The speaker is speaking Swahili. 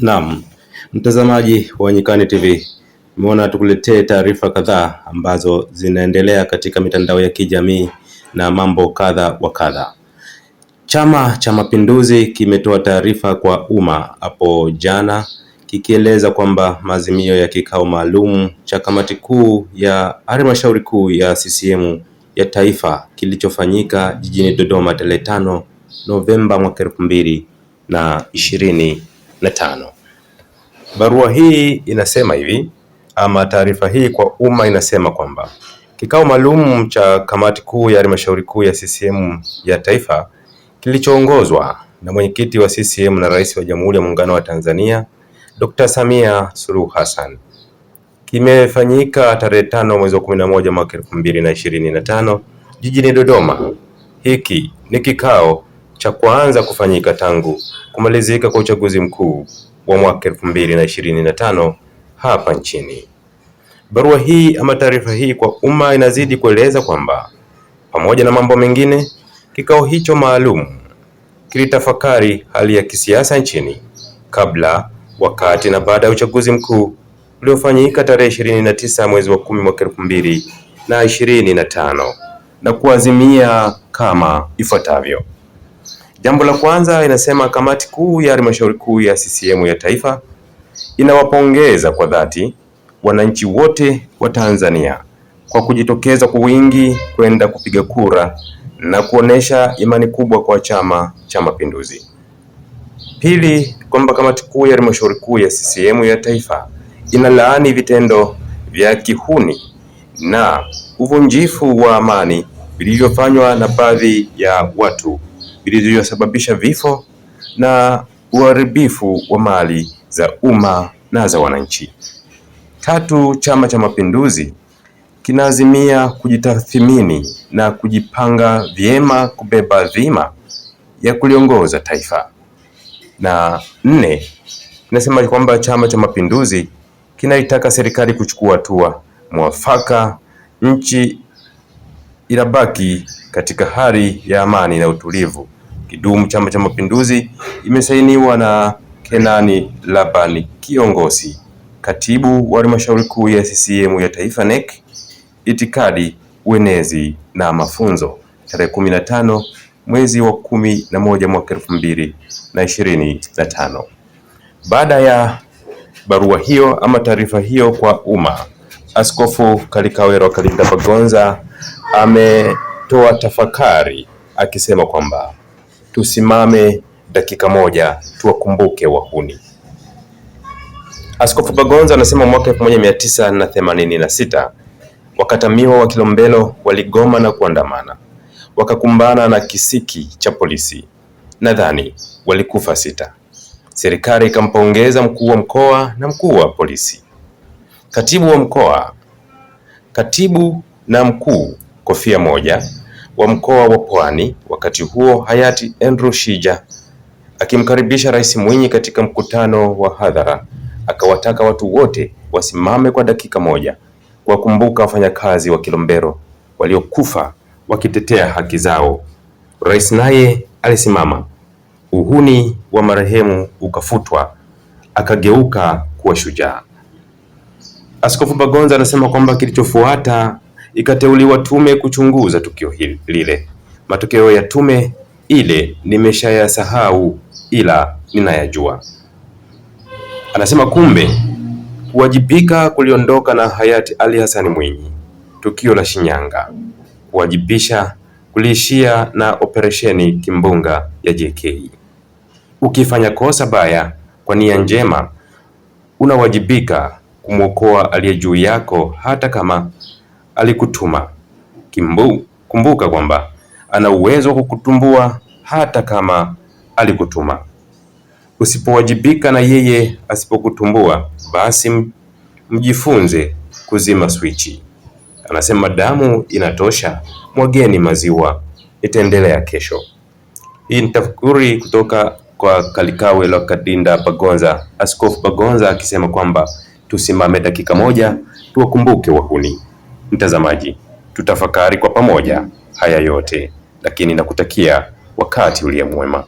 Naam, mtazamaji wa Nyikani TV, umeona tukuletee taarifa kadhaa ambazo zinaendelea katika mitandao ya kijamii na mambo kadha wa kadha. Chama cha Mapinduzi kimetoa taarifa kwa umma hapo jana kikieleza kwamba maazimio ya kikao maalum cha kamati kuu ya halmashauri kuu ya CCM ya taifa kilichofanyika jijini Dodoma tarehe tano Novemba mwaka elfu mbili na ishirini na tano. Barua hii inasema hivi ama taarifa hii kwa umma inasema kwamba kikao maalum cha kamati kuu ya halmashauri kuu ya CCM ya taifa kilichoongozwa na mwenyekiti wa CCM na rais wa Jamhuri ya Muungano wa Tanzania Dr. Samia Suluhu Hassan kimefanyika tarehe tano mwezi wa kumi na moja mwaka elfu mbili na ishirini na tano jijini Dodoma. Hiki ni kikao cha kwanza kufanyika tangu kumalizika kwa uchaguzi mkuu wa mwaka elfu mbili na ishirini na tano hapa nchini. Barua hii ama taarifa hii kwa umma inazidi kueleza kwamba pamoja na mambo mengine, kikao hicho maalum kilitafakari hali ya kisiasa nchini kabla, wakati na baada ya uchaguzi mkuu uliofanyika tarehe ishirini na tisa mwezi wa kumi mwaka elfu mbili na ishirini na tano na kuazimia kama ifuatavyo. Jambo la kwanza inasema kamati kuu ya halmashauri kuu ya CCM ya taifa inawapongeza kwa dhati wananchi wote wa Tanzania kwa kujitokeza kwa wingi kwenda kupiga kura na kuonesha imani kubwa kwa Chama cha Mapinduzi. Pili, kwamba kamati kuu ya halmashauri kuu ya CCM ya taifa inalaani vitendo vya kihuni na uvunjifu wa amani vilivyofanywa na baadhi ya watu vilivyosababisha vifo na uharibifu wa mali za umma na za wananchi. Tatu, Chama cha Mapinduzi kinaazimia kujitathmini na kujipanga vyema kubeba dhima ya kuliongoza taifa. Na nne, inasema kwamba Chama cha Mapinduzi kinaitaka serikali kuchukua hatua mwafaka, nchi inabaki katika hali ya amani na utulivu. Kidumu Chama cha Mapinduzi imesainiwa na Kenani Labani Kiongosi, katibu wa halmashauri kuu ya CCM ya Taifa NEC, itikadi, uenezi na mafunzo, tarehe 15 mwezi wa kumi na moja mwaka elfu mbili na ishirini na tano. Baada ya barua hiyo ama taarifa hiyo kwa umma, Askofu Kalikawero Kalinda Bagonza ametoa tafakari akisema kwamba tusimame dakika moja tuwakumbuke wahuni. Askofu Bagonza anasema mwaka sita wakatamiwa wa Kilombero waligoma na kuandamana, wakakumbana na kisiki cha polisi. Nadhani walikufa sita. Serikali ikampongeza mkuu wa mkoa na mkuu wa polisi, katibu wa mkoa, katibu na mkuu, kofia moja wa mkoa wa Pwani, wakati huo hayati Andrew Shija akimkaribisha Rais Mwinyi katika mkutano wa hadhara, akawataka watu wote wasimame kwa dakika moja kuwakumbuka wafanyakazi wa Kilombero waliokufa wakitetea haki zao. Rais naye alisimama, uhuni wa marehemu ukafutwa, akageuka kuwa shujaa. Askofu Bagonza anasema kwamba kilichofuata ikateuliwa tume kuchunguza tukio hili lile. Matokeo ya tume ile nimeshayasahau ila ninayajua. Anasema kumbe kuwajibika kuliondoka na hayati Ali Hassan Mwinyi. Tukio la Shinyanga kuwajibisha kuliishia na operesheni Kimbunga ya JK. Ukifanya kosa baya kwa nia njema, unawajibika kumwokoa aliye juu yako, hata kama alikutuma. Kimbu, kumbuka kwamba ana uwezo wa kukutumbua hata kama alikutuma. Usipowajibika na yeye asipokutumbua, basi mjifunze kuzima swichi. Anasema damu inatosha, mwageni maziwa, nitaendelea kesho. Hii ni tafakuri kutoka kwa Kalikawe la Kadinda Bagonza, Askofu Bagonza akisema kwamba tusimame dakika moja tuwakumbuke wahuni. Mtazamaji, tutafakari kwa pamoja haya yote, lakini nakutakia wakati uliye mwema.